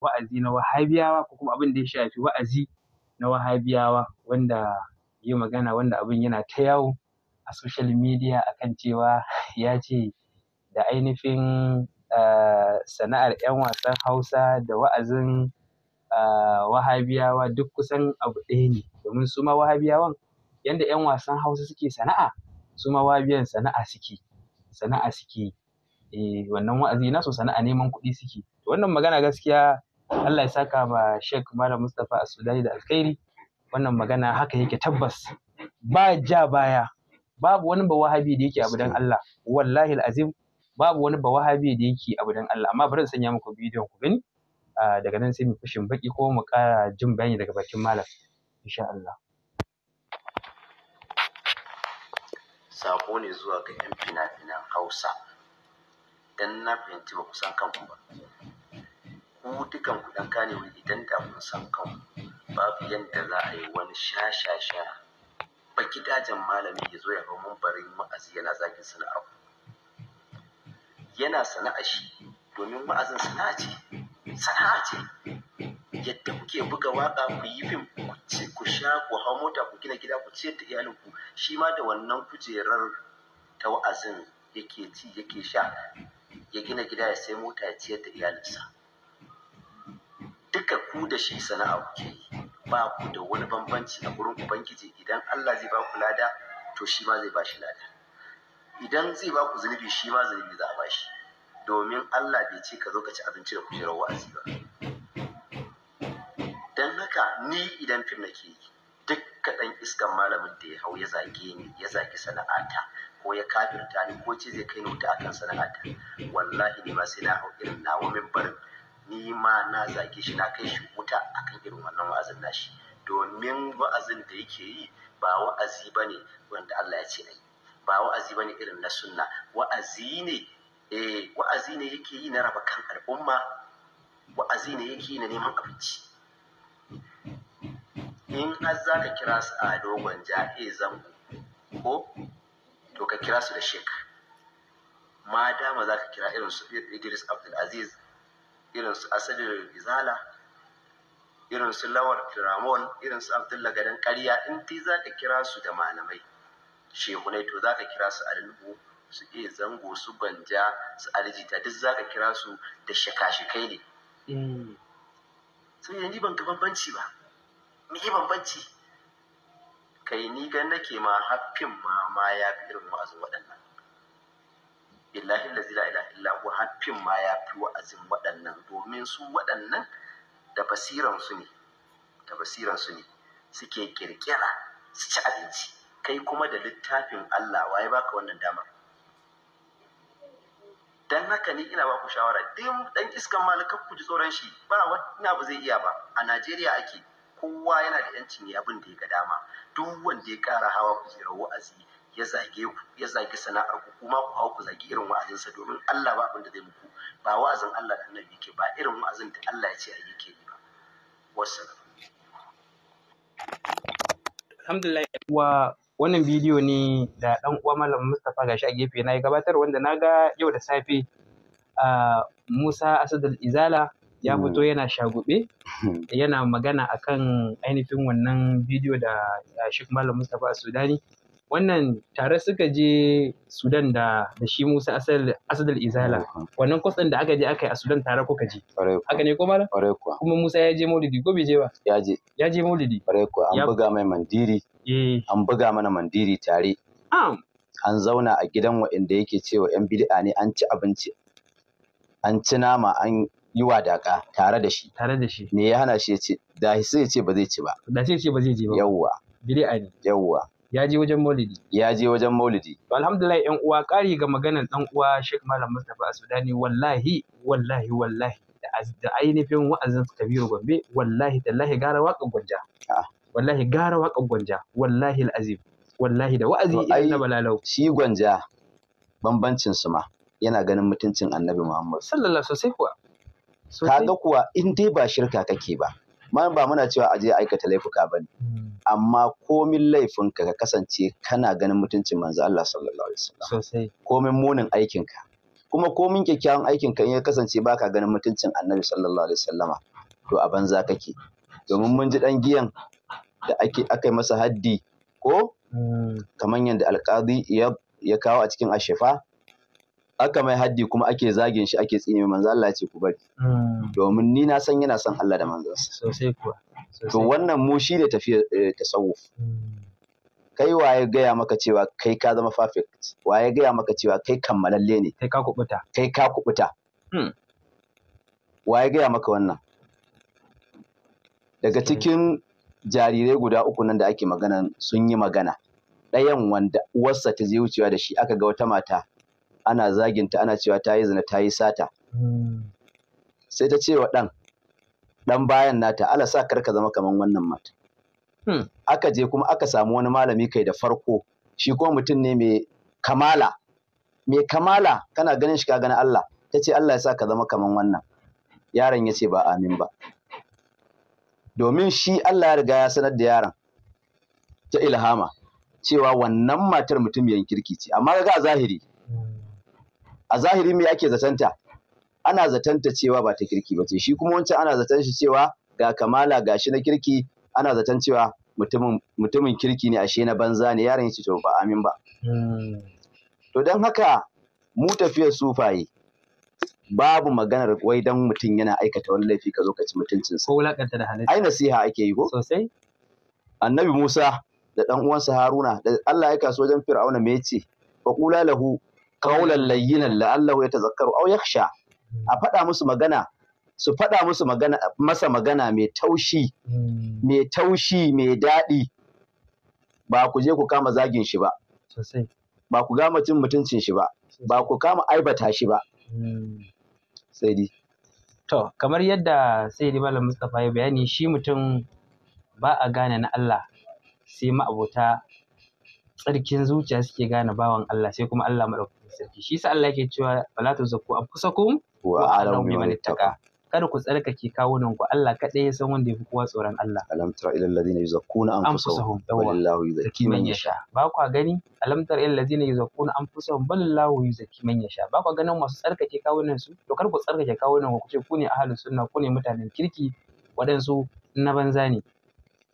wa'azi na wahabiyawa ko kuma abin da ya shafi wa'azi na wahabiyawa wanda ya magana wanda abin yana ta yawo a social media akan cewa ya ce da ainihin eh, sana'ar 'yan wasan hausa da wa'azin uh, wahabiyawa duk kusan abu ɗaya ne domin su ma wahabiyawan yanda 'yan wasan hausa suke sana'a su ma wahabiyan sana'a suke sana'a suke eh wannan wa'azi nasu sana'a neman kuɗi suke wannan magana gaskiya Allah ya saka ma Sheikh Malam Mustapha Asudani da alkhairi wannan magana haka yake tabbas ba ja baya babu wani bawahabi da yake abu dan Allah wallahi azim babu wani bawahabi da yake abu dan Allah amma bari in sanya muku bidiyon ku gani daga nan sai mu fushin baki ko mu kara jin bayani daga bakin malam insha Allah sako ne zuwa ga 'yan fina-finan hausa don na fahimci ba kusan kanku ba ku dukan ku ɗan kane idan da kun san kanku babu yadda za a yi wani shashasha ba gidajen malami ya zo ya hau mambarin ma'azi yana zagin sana'ar yana sana'a shi domin ma'azin sana'a ce sana'a ce yadda kuke buga waka ku yi fim ku ci ku sha ku hau mota ku gina gida ku ciyar da iyalinku shi ma da wannan kujerar ta wa'azin yake ci yake sha ya gina gida ya sai mota ya ciyar da iyalinsa duka ku da shi sana'a kuke ba ku da wani bambanci a gurin ubangiji idan Allah zai ba ku lada to shi ma zai ba shi lada idan zai ba ku zunubi shi ma zunubi za a ba shi domin Allah bai ce ka zo ka ci abinci da kujerar wa'azi ba dan haka ni idan fim nake yi duk kaɗan iskan malamin da ya hau ya zage ni ya zage sana'ata ko ya kafirta ni ko ce zai kai ni wuta akan sana'ata wallahi ne ma sai na hau irin nawa min barin ni ma na zage shi na kai shi wuta akan irin wannan wa'azin nashi domin wa'azin da yake yi ba wa'azi ba ne wanda Allah ya ce ai ba wa'azi ba ne irin na sunna wa'azi ne eh wa'azi ne yake yi na raba kan al'umma wa'azi ne yake yi na neman abinci in har za ka kira su a dogon ja'e zango ko to ka kira su da shek ma dama za ka kira irin su Idris Abdulaziz irin su asalin rizala irin su lawar firamon irin su abdullah gadon karya in ti za ka kira su da malamai shehunai to za ka kira su alibu su iya zango su banja su aljita duk za ka kira su da shika ne mm. sun yanzu ban ga bambanci ba me yi bambanci kai ni ga nake ma haffin ma ma ya fi irin wa'azin waɗannan billahi la ilaha illa hu haffin ma ya fi wa'azin waɗannan domin su waɗannan da basiran su ne da basiran su ne suke kirkira su ci abinci kai kuma da littafin Allah waye baka wannan dama. dan haka ni ina baku shawara din dan iskan malikan ku ji tsoron shi ba wani abu zai iya ba a Najeriya ake kowa yana da yancin ya abin da ya ga dama duk wanda ya kara hawa kujerar wa'azi ya zage ku ya zage sana'ar ku kuma ku hau ku zage irin wa'azinsa domin Allah ba abin da zai muku ba wa'azin Allah da annabi ke ba irin wa'azin da Allah ya ce a yi ke ba wassalam alhamdulillah wa wannan bidiyo ne da ɗan uwa malam Mustapha gashi a gefe na ya gabatar wanda na ga yau da safe Musa Asadul Izala ya hmm. fito yana shagube hmm. yana magana akan ainihin wannan bidiyo da shi malam Mustapha Sudani wannan tare suka je Sudan da da shi Musa Asad Asad Izala wannan kwas da aka je aka yi a Sudan tare kuka je haka ne ko mala kuma Musa ya je Maulidi ko bai je ba ya je ya je Maulidi an buga mai mandiri eh. an buga mana mandiri tare an zauna a gidan waɗanda yake cewa yan bid'a ne an ci abinci an ci nama an yi wadaka tare da shi tare da shi me ya hana shi ya ce da sai ya ce ba zai ci ba da sai ya ce ba zai je ba yawwa bid'a ne yawwa ya je wajen maulidi ya je wajen maulidi alhamdulillah yan uwa ƙari ga maganar ɗan uwa Sheikh Malam Mustapha Sudani wallahi wallahi wallahi da ainihin wa'azin Kabiru Gombe wallahi tallahi gara waƙar Gwanja ah. wallahi gara waƙar Gwanja wallahi al'azim wallahi da wa'azi irin na balalau shi Gwanja bambancin su ma yana ganin mutuncin Annabi Muhammad sallallahu alaihi wasallam kuwa kaga kuwa in dai ba shirka kake ba malam ba muna cewa aje aikata laifuka ba ne hmm. amma komin laifinka ka kasance kana ganin mutuncin manzo Allah sallallahu alaihi wasallam komin munin aikinka kuma komin kyakkyawan aikinka in ya kasance baka ganin mutuncin annabi sallallahu alaihi wasallama to a banza kake domin mun ji dan giyan da ake aka masa haddi ko hmm. kamar yadda alƙadi ya kawo a cikin ashefa aka mai haddi kuma ake zagin shi ake tsine manzo Allah ya ce ku bari hmm. domin ni na san yana son Allah da manzansa sosai kuwa to wannan mu shi da tafiyar eh, tasawuf hmm. kai waye gaya maka cewa kai ka zama perfect waye gaya maka cewa kai kammalalle ne kai ka kubuta kai ka kubuta hmm. waye gaya maka wannan daga cikin jarirai guda uku nan da ake magana sun yi magana ɗayan wanda uwarsa ta je wucewa da shi aka ga wata mata ana zaginta ana cewa ta yi zina ta yi sata sai ta ce wa ɗan ɗan bayan nata ala sa kar ka zama kamar wannan mata hmm, aka je kuma aka samu wani malami kai da farko shi kuma mutum ne mai kamala mai kamala kana ganin shi ka gani Allah ta ce Allah ya sa ka zama kaman wannan yaron ya ce ba amin ba domin shi Allah ya riga ya sanar da yaron ta ilhama cewa wannan matar mutum yankirki kirki ce amma ga zahiri a zahiri me ake zatanta ana zatanta cewa ba ta kirki ba ce shi kuma wancan ana zatan shi cewa ga kamala ga shi na kirki ana zaton cewa mutumin mutumin kirki ne ashe na banza ne yaron yace to ba amin ba hmm. to dan haka mu tafiyar sufaye babu maganar wai dan mutum yana aikata wani laifi ka zo ka ci sa ko lakanta da halitta ai nasiha ake yi ko sosai annabi Musa da dan uwansa Haruna da Allah ya kaso wajen Fir'auna me yace fa lahu kaulan layyinan la'allahu yatazakkaru aw yakhsha a faɗa musu magana su faɗa musu magana masa magana mai taushi hmm. mai taushi mai daɗi ba ku je ku kama zagin shi ba ba ku gama cin mutuncin shi ba ba ku kama aibata shi ba hmm. sai dai to kamar yadda sai dai malam Mustapha ya bayani shi mutum ba a gane na Allah sai ma'abota tsarkin zuciya suke gane bawan Allah sai kuma Allah maɗauki sarki shi yasa Allah yake cewa a kusa anfusakum wa alamu mai ittaqa kada ku tsarkake kawunan ku Allah kadai ya san wanda yafi kowa tsoron Allah alam tara ilal ladina yuzakkuna anfusahum wallahu yuzakki man yasha ba kwa gani alam tara ilal ladina yuzakkuna anfusahum wallahu yuzakki man yasha ba kwa ganin masu tsarkake kawunan su to kar ku tsarkake kawunan ku ce ku ne ahlus sunna ku ne mutanen kirki waɗansu na banza ne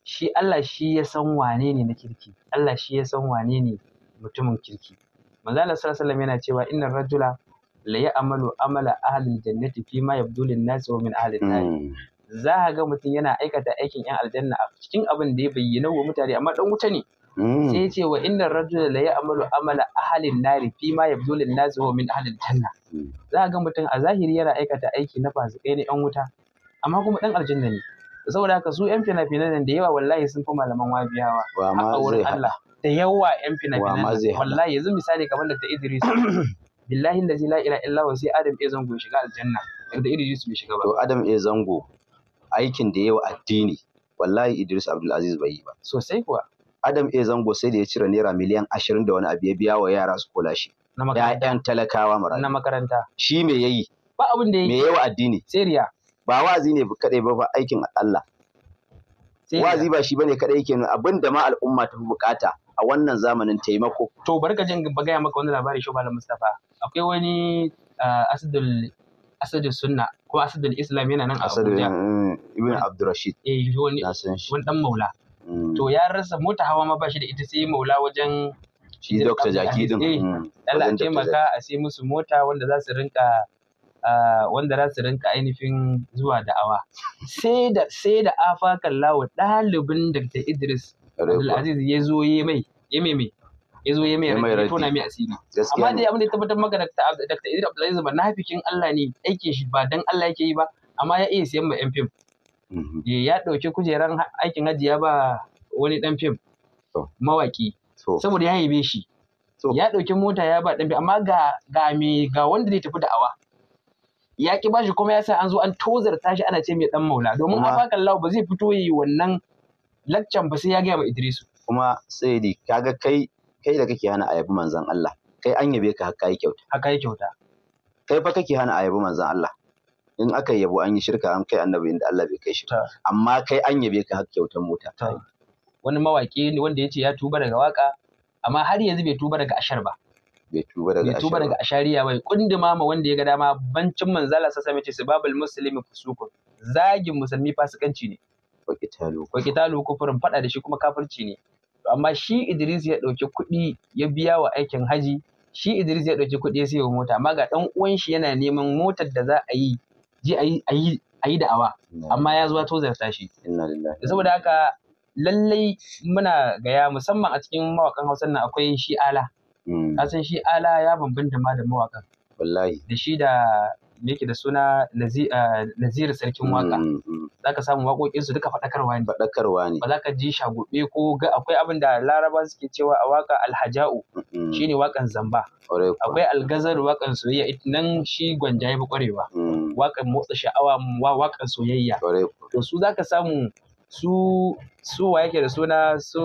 shi Allah shi ya san wane ne na kirki Allah shi ya san wane ne mutumin kirki manzo Allah sallallahu yana cewa innar rajula la ya'malu amala ahli jannati fi ma yabdu lin nas wa min ahli nar hmm. za ka ga mutum yana aikata aikin yan aljanna a cikin abin da ya bayyana wa mutane amma dan wuta ne hmm. sai ya ce wa innar rajula la ya'malu amala ahli nari fi ma yabdu lin nas wa min ahli janna hmm. za ka ga mutum a zahiri yana aikata aiki na fasikai ne yan wuta amma kuma dan aljanna ne saboda haka su yan fina-finan nan da yawa wallahi sun fi malaman wabiyawa a wurin Allah da yawa yan fina-finan wallahi yanzu misali kamar da ta Idris billahi da zai la'ira illa sai Adam ya zango shiga aljanna da Idris bai shiga ba to Adam ya zango aikin da yawa addini wallahi Idris Abdul Aziz bai yi ba sosai kuwa Adam ya zango sai da ya cire naira miliyan ashirin da wani abu ya biya wa yara su kula shi na makaranta talakawa mara na makaranta shi me yayi ba abin da yayi me yawa addini seriya ba wa'azi ne kadai ba fa aikin Allah wa'azi ba shi bane kadai yake nuna abin da ma al'umma ta fi bukata a wannan zamanin taimako to barka jin ga gaya maka wani labari shi malam Mustafa akwai wani ah, asdul asadul sunna ko asadul islam yana nan a Abuja ibn Abdurrashid eh wani wani dan maula mm. to ya rasa mota hawa ma ba shi da ita sai maula wajen shi Dr. Jaki din ya taimaka a sai musu mota wanda za su rinka Eh, wanda za su rinka ainihin zuwa da'awa sai da sai da afa kallawa ɗalibin Dr. Idris Abdulaziz ya zo ya mai ya mai mai ya zo ya mai rage tona mai asiri amma dai abin da ya tabbatar maka Dr. Idris Abdulaziz ba nafikin Allah ne aikin shi ba dan Allah yake yi ba amma ya iya siyan ma yan fim mhm. ya ɗauki kujeran aikin hajji ya ba wani ɗan fim mawaki saboda ya haife shi ya ɗauki mota ya ba ɗan fim amma ga ga me ga wanda zai tafi da'awa ya ki bashi kuma ya sa an zo an tozarta shi ana ce mai dan maula domin afakan lawo ba zai fito yi wannan laccan ba sai ya gaya ma Idrisu kuma sai dai kaga kai kai da kake hana ayabi manzon Allah kai an yabe ka haka yi kyauta haka yi kyauta kai fa kake hana ayabi manzon Allah in aka yabo an yi shirka an kai annabi inda Allah bai kai shi amma kai an yabe ka haka kyautar mota wani mawaki ne wanda ya ce ya tuba daga waka amma har yanzu bai tuba daga ashar ba bai tuba daga tuba daga ashariya bai Kundi Mama wanda ya ga dama bancin manzala sa sami ce sababul muslimi fusukun zagin musulmi fasikanci ne wa qitalu kufurin fada da shi kuma kafirci ne amma shi Idris ya ɗauki kuɗi ya biya wa aikin haji shi Idris ya ɗauki kuɗi ya sayo mota amma ga dan uwan shi yana neman motar da za a yi ji a yi a yi da'awa amma ya zuwa tozarta shi saboda haka lallai muna gaya musamman a cikin mawakan Hausa nan akwai shi ala Mm. ka san shi ala ya bambanta ma da mawaƙan wallahi da shi da me yake da suna ah, nazir sarkin mm, waka mm, za ka samu waƙoƙinsu duka faɗakarwa ne faɗakarwa ne ba za ka ji shagube ko ga akwai abin da laraba suke cewa a waka alhaja'u shine wakan zamba akwai algazar wakan soyayya nan shi gwanja ya fi ƙwarewa wakan motsa sha'awa wakan soyayya to su za ka samu su su wa yake da suna su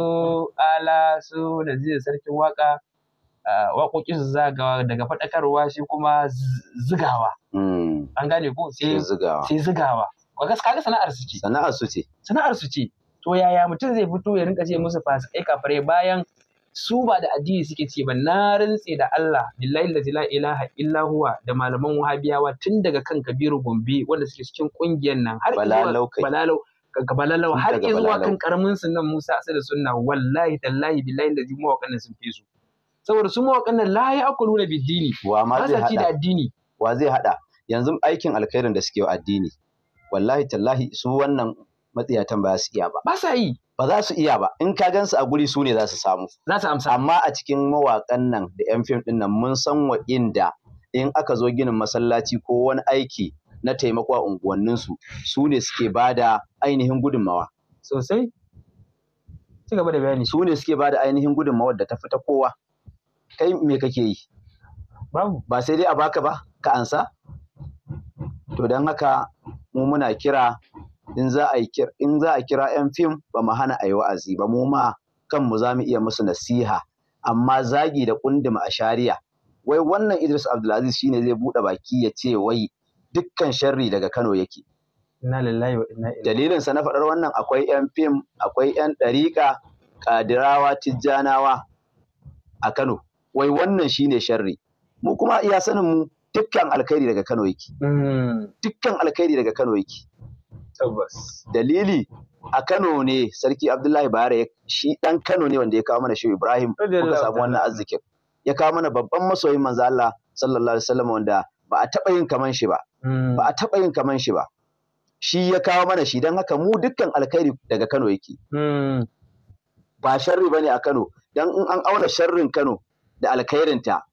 ala su nazir sarkin waka waƙoƙin zagawa daga faɗakarwa shi kuma zigawa. Hmm. An gane ko sai zigawa. Kaga sana'ar su ce. Sana'ar su ce. Sana'ar su ce. To yaya mutum zai fito ya rinka ce musu kai kafare bayan su ba da addini suke ce ba na rantse da Allah billahi la ilaha illa huwa da malaman wahabiyawa tun daga kan Kabiru Gombe wanda suke cikin kungiyar nan har balalau balalau balalau har zuwa kan karamin sunan Musa Asad da Sunna wallahi tallahi billahi da jumu'a kan sun fi su saboda su mawaƙan nan la ya akulu na biddini wa ma zai hada da addini wa zai hada yanzu aikin alkhairin da suke wa addini wallahi tallahi su wannan matsiyatan ba su iya ba ba sa yi ba za su iya ba in ka gansu a guri su ne za su samu za su amsa amma a cikin mawaƙan nan da yan fim din nan mun san wa inda in aka zo ginin masallaci ko wani aiki na taimako a unguwanninsu su ne suke bada ainihin gudunmawa sosai ci gaba da bayani su ne suke bada ainihin gudunmawar da ta fita kowa kai me kake yi babu ba sai dai a baka ba ka ansa to don haka mu muna kira in za a in za a kira yan fim ba mu hana a wa'azi ba mu ma kan mu za mu iya musu nasiha amma zagi da kunduma a shari'a wai wannan Idris Abdulaziz shine zai bude baki ya ce wai dukkan sharri daga Kano yake inna lillahi wa inna ilaihi dalilin sa na faɗar wannan akwai yan fim akwai yan ɗariƙa kadirawa tijjanawa a Kano wai wannan shine sharri mu kuma iya sanin mu dukkan alkhairi daga Kano yake hmm. dukkan alkhairi daga Kano yake tabbas dalili a Kano ne sarki Abdullahi Bayero shi dan Kano ne wanda ya kawo mana Shehu Ibrahim muka samu wannan arzikin ya kawo mana babban masoyin manzo Allah sallallahu alaihi wasallam wanda ba a taɓa yin kaman shi ba hmm. ba a taɓa yin kaman shi ba shi ya kawo mana shi don haka mu dukkan alkhairi daga Kano yake hmm. ba sharri bane a Kano dan in an auna sharrin Kano da alkhairinta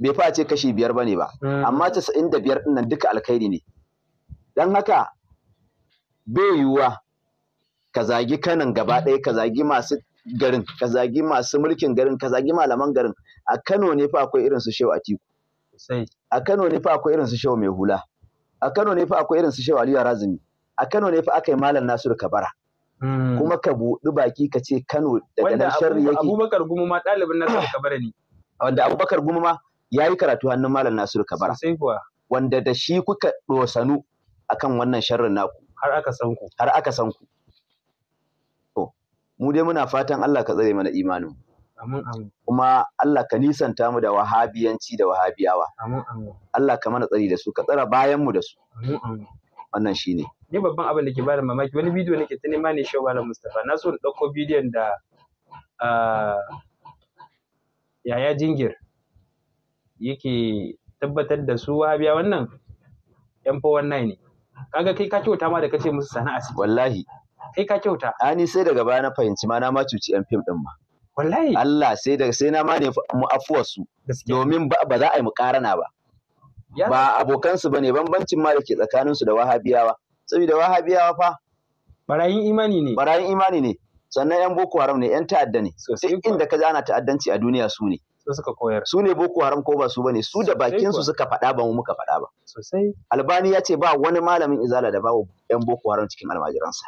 bai fa ce kashi biyar bane ba hmm. amma casa'in da biyar ɗin nan duka alkhairi ne don haka bai yiwuwa ka zagi kanin gaba ɗaya ka zagi masu garin ka zagi masu mulkin garin ka zagi malaman garin a Kano ne fa akwai irin su Shehu Atiku a Kano ne fa akwai irin su Shehu Mai Hula a Kano ne fa akwai irin su Shehu Aliyu Razumi a Kano ne fa aka yi Malam Nasiru Kabara Mm. kuma ka buɗi baki ka ce Kano daga nan sharri yake Abubakar Gumu ma ɗalibin Nasiru Kabara ne wanda Abubakar Gumu ma yayi karatu hannun Malam Nasiru Kabara sai kuwa wanda da shi kuka dosanu akan wannan sharrin naku har aka san ku har aka san ku to mu dai muna fatan Allah ka tsare mana imanin amin amin kuma Allah ka nisanta mu da wahabiyanci da wahabiyawa amin amin Allah ka mana tsari da su ka tsara bayan mu da su amin amin wannan shine ni babban abin da ke bada mamaki wani bidiyo nake ta nema ne shawara mustapha na so in ɗauko bidiyon da yaya jingir yake tabbatar da su wahabiya wannan yan fa wannan ne kaga kai ka kyauta ma da kace musu sana'a su wallahi kai ka kyauta ani sai daga baya na fahimci ma na ma cuci yan fim din ma wallahi Allah sai daga sai na ma ne mu afuwar su domin ba za a yi mu karana ba ba abokansu bane bambancin ma da ke tsakaninsu da wahabiyawa saboda wahabiyawa fa barayin imani ne barayin imani ne sannan yan boko haram ne yan ta'adda ne sai inda ka ana ta'addanci a duniya su ne su suka koyar su ne boko haram ko ba su bane su da bakin su suka faɗa ba mu muka faɗa ba sosai albani ya ce ba wani malamin izala da bawo yan boko haram cikin almajiransa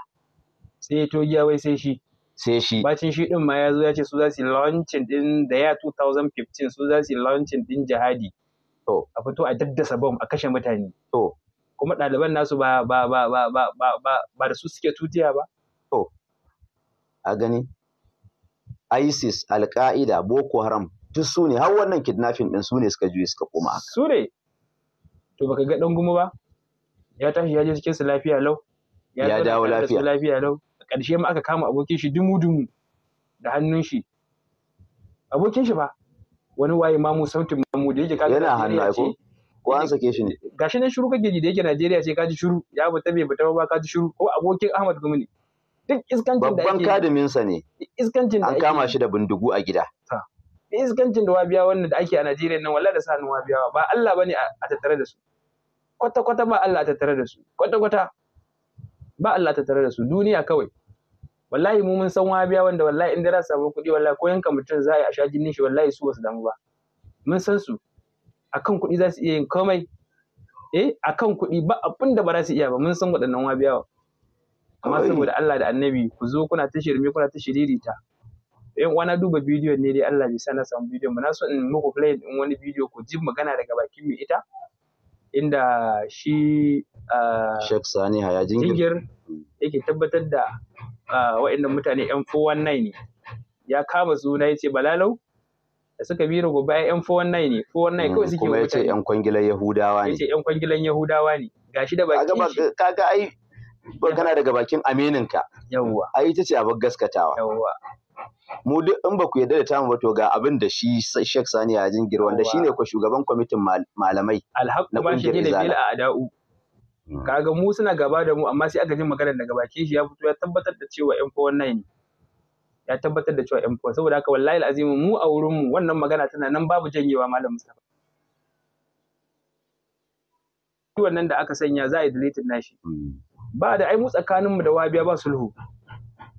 sai ya togiya wai sai shi sai shi bacin shi din ma ya zo ya ce su za su launching din da ya 2015 su za su launching din jihadi to a fito a daddasa bom a kashe mutane to kuma ɗaliban nasu ba ba ba ba ba ba ba ba da su suke tutiya ba to a gani ISIS al Boko Haram duk su ne har wannan kidnapping ɗin su ne suka juye suka koma haka su ne to baka ga dan guma ba ya tashi ya je cikin su lafiya lau ya dawo lafiya lafiya lau a ƙarshe ma aka kama abokin shi dumu dumu da hannun shi abokin shi ba wani waye mamu sautin mamu da yake kaga yana hannu ko ko an sake shi ne gashi ne shiru kake ji da yake Najeriya ce kaji shiru ya fita bai fita ba kaji shiru ko abokin Ahmad Gumi ne duk iskancin da yake babban kadimin sa ne iskancin da an kama shi da bindigu a gida iskancin da wabiya wannan da ake a Najeriya nan wallahi da sanin biya ba Allah bane a tattare da su kwata kwata ba Allah a tattare da su kwata kwata ba Allah a tattare da su duniya kawai wallahi mu mun san wabiya wanda wallahi in da za su samu kuɗi wallahi ko yanka mutum za a yi a sha jinin shi wallahi su wasu damu ba mun san su akan kuɗi za su iya yin komai eh akan kuɗi ba abin da ba za su iya ba mun san waɗannan biyawa amma saboda Allah da annabi ku zo kuna ta shirme kuna ta shiririta yan wani na duba bidiyon ne dai Allah bai sa samu bidiyon mu na so in muku play in wani bidiyo ku ji magana daga bakin mai ita inda shi ah, Sheikh Sani Haya Jingir mm. yake tabbatar da ah, waɗannan mutane yan 419 ne ya kama suna ya ce balalau da suka bira gobe yan 419 ne 419 kawai suke wuce yace yan kwangilan yahudawa ne yace yan kwangilan yahudawa ne gashi da bakin shi kaga ai kana daga bakin aminin ka yawwa ai ita ce abin gaskatawa yawwa mu duk in ba ku yarda da tamu ba to ga abin da shi Sheikh Sani ya jingir wanda shine ko shugaban kwamitin malamai na kungiyar da a ada'u. Hmm. kaga mu suna gaba da mu amma sai aka ji magana daga bakin shi ya fito ya tabbatar da cewa yan 419 ne ya tabbatar da cewa yan fuwa saboda haka wallahi alazim mu a wurin mu wannan magana tana nan babu janyewa malam Mustafa wannan da aka sanya za a yi deleting nashi ba da ai mu tsakaninmu da wabiya ba sulhu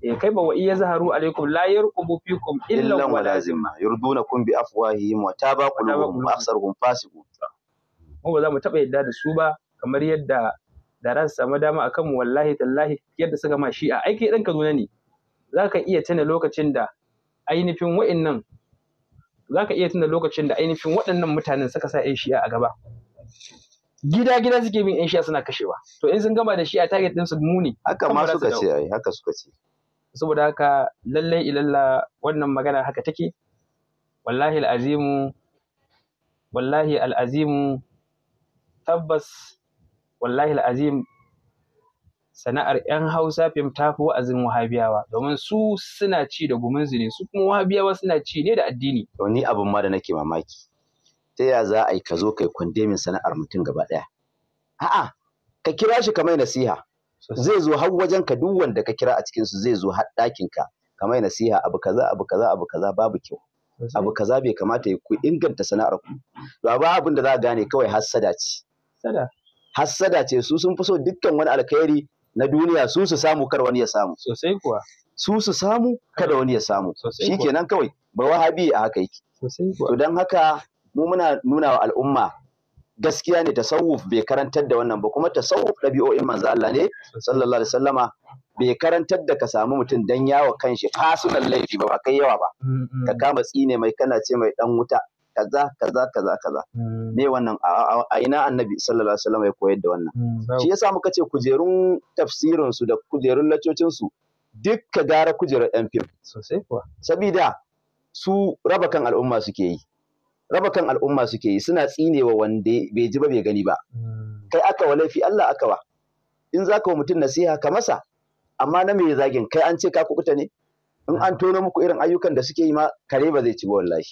eh kai ba wa iya zaharu alaikum la yarqubu fikum illa wala zimma yurdunakum bi afwahihim wa taba qulubuhum aksaruhum fasiqun mu ba za mu taba yadda da su ba kamar yadda da ran samu dama akan mu wallahi tallahi yadda suka ma shi'a ai kai dan Kaduna ne za ka iya tuna lokacin da ainihin wa'innan za ka iya tuna lokacin da ainihin waɗannan mutanen suka sa 'yan shi'a a gaba gida gida suke bin 'yan shi'a suna kashewa to in sun gama da shi'a target ɗinsu muni haka ma suka ce ai haka suka ce saboda haka lallai ilalla wannan magana haka take wallahi al'azimu wallahi al'azimu tabbas wallahi al'azim sana'ar 'yan Hausa fim ta fi wa'azin Wahabiyawa domin su suna ci da gumunzu ne su kuma Wahabiyawa suna ci ne da addini. wani abin ma da nake mamaki. Ta ya za a yi ka zo kai min sana'ar mutum gaba ɗaya? A'a, ka kira shi kamar nasiha. Zai zo har wajen ka duk wanda ka kira a cikin su zai zo har ɗakin ka kamar nasiha abu kaza abu kaza abu kaza babu kyau. Abu kaza bai kamata ya ku inganta sana'ar ku. Ba abin da za a gane kawai hassada ce. Hassada ce su sun fi so dukkan wani alkhairi na duniya su su samu kar wani ya samu sosai kuwa su su samu kada wani ya samu shikenan kawai ba wahabi a haka yake to don haka mu muna nuna wa al'umma gaskiya ne tasawuf bai karantar da wannan ba kuma tasawuf ɗabi'o'in manzo Allah ne sallallahu alaihi wasallama bai karantar da ka samu mutum dan yawa kanshi fasunan laifi ba kai yawa ba mm, mm. ka kama tsine mai kana ce mai dan wuta kaza kaza kaza kaza hmm. me wannan a ina annabi sallallahu alaihi wasallam ya koyar da wannan hmm. shi yasa muka ce kujerun tafsirin su da kujerun lacocin su dukka gara kujerar yan fim sosai kuwa sabida su raba kan al'umma suke yi raba kan al'umma suke yi suna tsinewa wanda bai ji ba bai gani ba hmm. kai aka wa laifi Allah aka wa in zaka wa mutum nasiha ka masa amma na me zagin kai an ce ka kukuta ne in an tono muku irin ayyukan da suke yi ma kare ba zai ci ba wallahi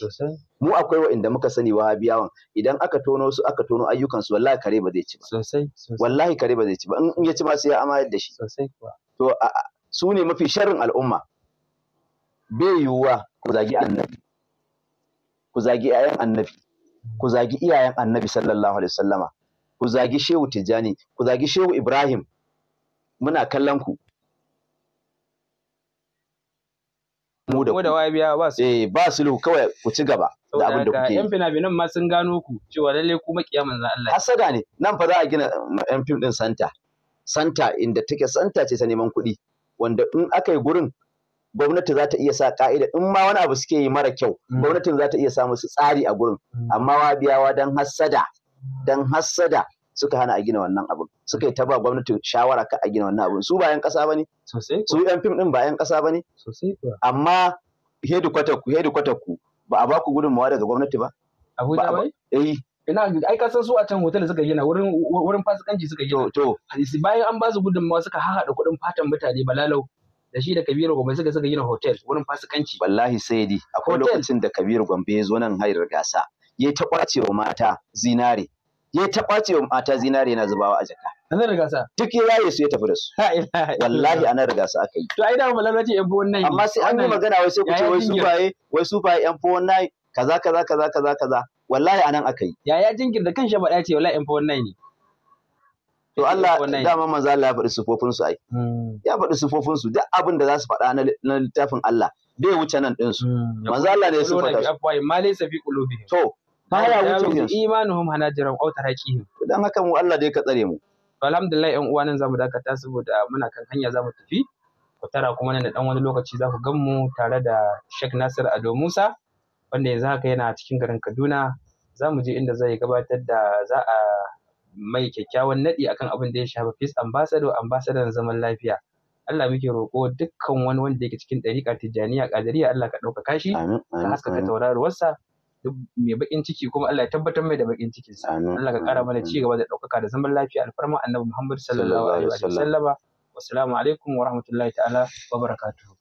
mu akwai inda muka sani wahabiyawan idan aka tono su aka tono ayyukan su wallahi kare ba zai ci ba sosai wallahi kare ba zai ci ba in ya ci ma sai ya amayar da shi sosai kuwa to su ne mafi sharrin al'umma bai yiwuwa ku zagi annabi ku zagi ayan annabi ku zagi iyayen annabi sallallahu alaihi wasallama ku zagi shehu tijjani ku zagi shehu ibrahim muna kallon ku mu da da wabiya ba su eh ba su lu kawai ku ci gaba da abin da kuke yan fina ma sun gano ku cewa lalle kuma kiyaman Allah hasada ne nan fa za a gina yan eh, fim din santa santa inda take santa ce ta neman kuɗi wanda in aka yi gurin gwamnati za ta iya sa ka'ida in ma wani abu suke yi mara kyau mm. gwamnatin za ta iya sa musu tsari a gurin mm. amma wabiyawa dan hasada dan hassada suka hana a gina wannan abin suka yi ta ba gwamnati shawara ka a gina wannan abin su ba yan kasa bane su yan fim din ba yan kasa bane amma hedu ku hedu ku ba a ba ku gudunmawa daga gwamnati ba Abuja bai eh ina ai kasan su a can hotel suka gina wurin wurin fasikanci suka gina to bayan an ba su gudunmawa suka hahada kuɗin fatan mutane balalau da shi da Kabiru Gombe suka suka gina hotel wurin fasikanci wallahi sai dai akwai lokacin da Kabiru Gombe ya zo nan hayar gasa ya ta kwacewa mata zinare ya ta ɓace wa mata zinare na zubawa a jaka an riga sa duk ya yaye su ya tafi da su wallahi an riga su aka yi to ai da mu lalace yan fo nine amma sai an yi magana wai sai ku ce wai su baye wai su baye yan fo nine kaza kaza kaza kaza kaza wallahi anan aka yi yaya jinkir da kan shaba ɗaya ce wallahi yan fo nine ne To Allah dama manzo Allah ya faɗi sufofin su ai. Hmm. Ya faɗi sufofin su duk abin da za su faɗa na littafin Allah bai wuce nan ɗinsu. Maza hmm. Manzo Allah ne ya sufata su. To baya wuce imanuhum hanajirum aw taraqihim dan haka mu Allah dai ka tsare mu alhamdulillah yan uwa nan zamu dakata saboda muna kan hanya zamu tafi ku tara kuma nan da dan wani lokaci za ku gan mu tare da Sheikh Nasir Ado Musa wanda yanzu haka yana cikin garin Kaduna za mu je inda zai gabatar da za a mai kyakkyawan naɗi akan abin da ya shafi peace ambassador ambassador zaman lafiya Allah muke roƙo dukkan wani wanda yake cikin ɗariƙa tijjaniya ƙadiriya Allah ka ɗaukaka shi ka haskaka wasa. mai bakin ciki kuma Allah ya tabbatar mai da bakin cikin sa Allah ka kara mana ci gaba da daukaka da zaman lafiya alfarma annabi Muhammad sallallahu alaihi wa sallama alaikum wa rahmatullahi ta'ala wa barakatuhu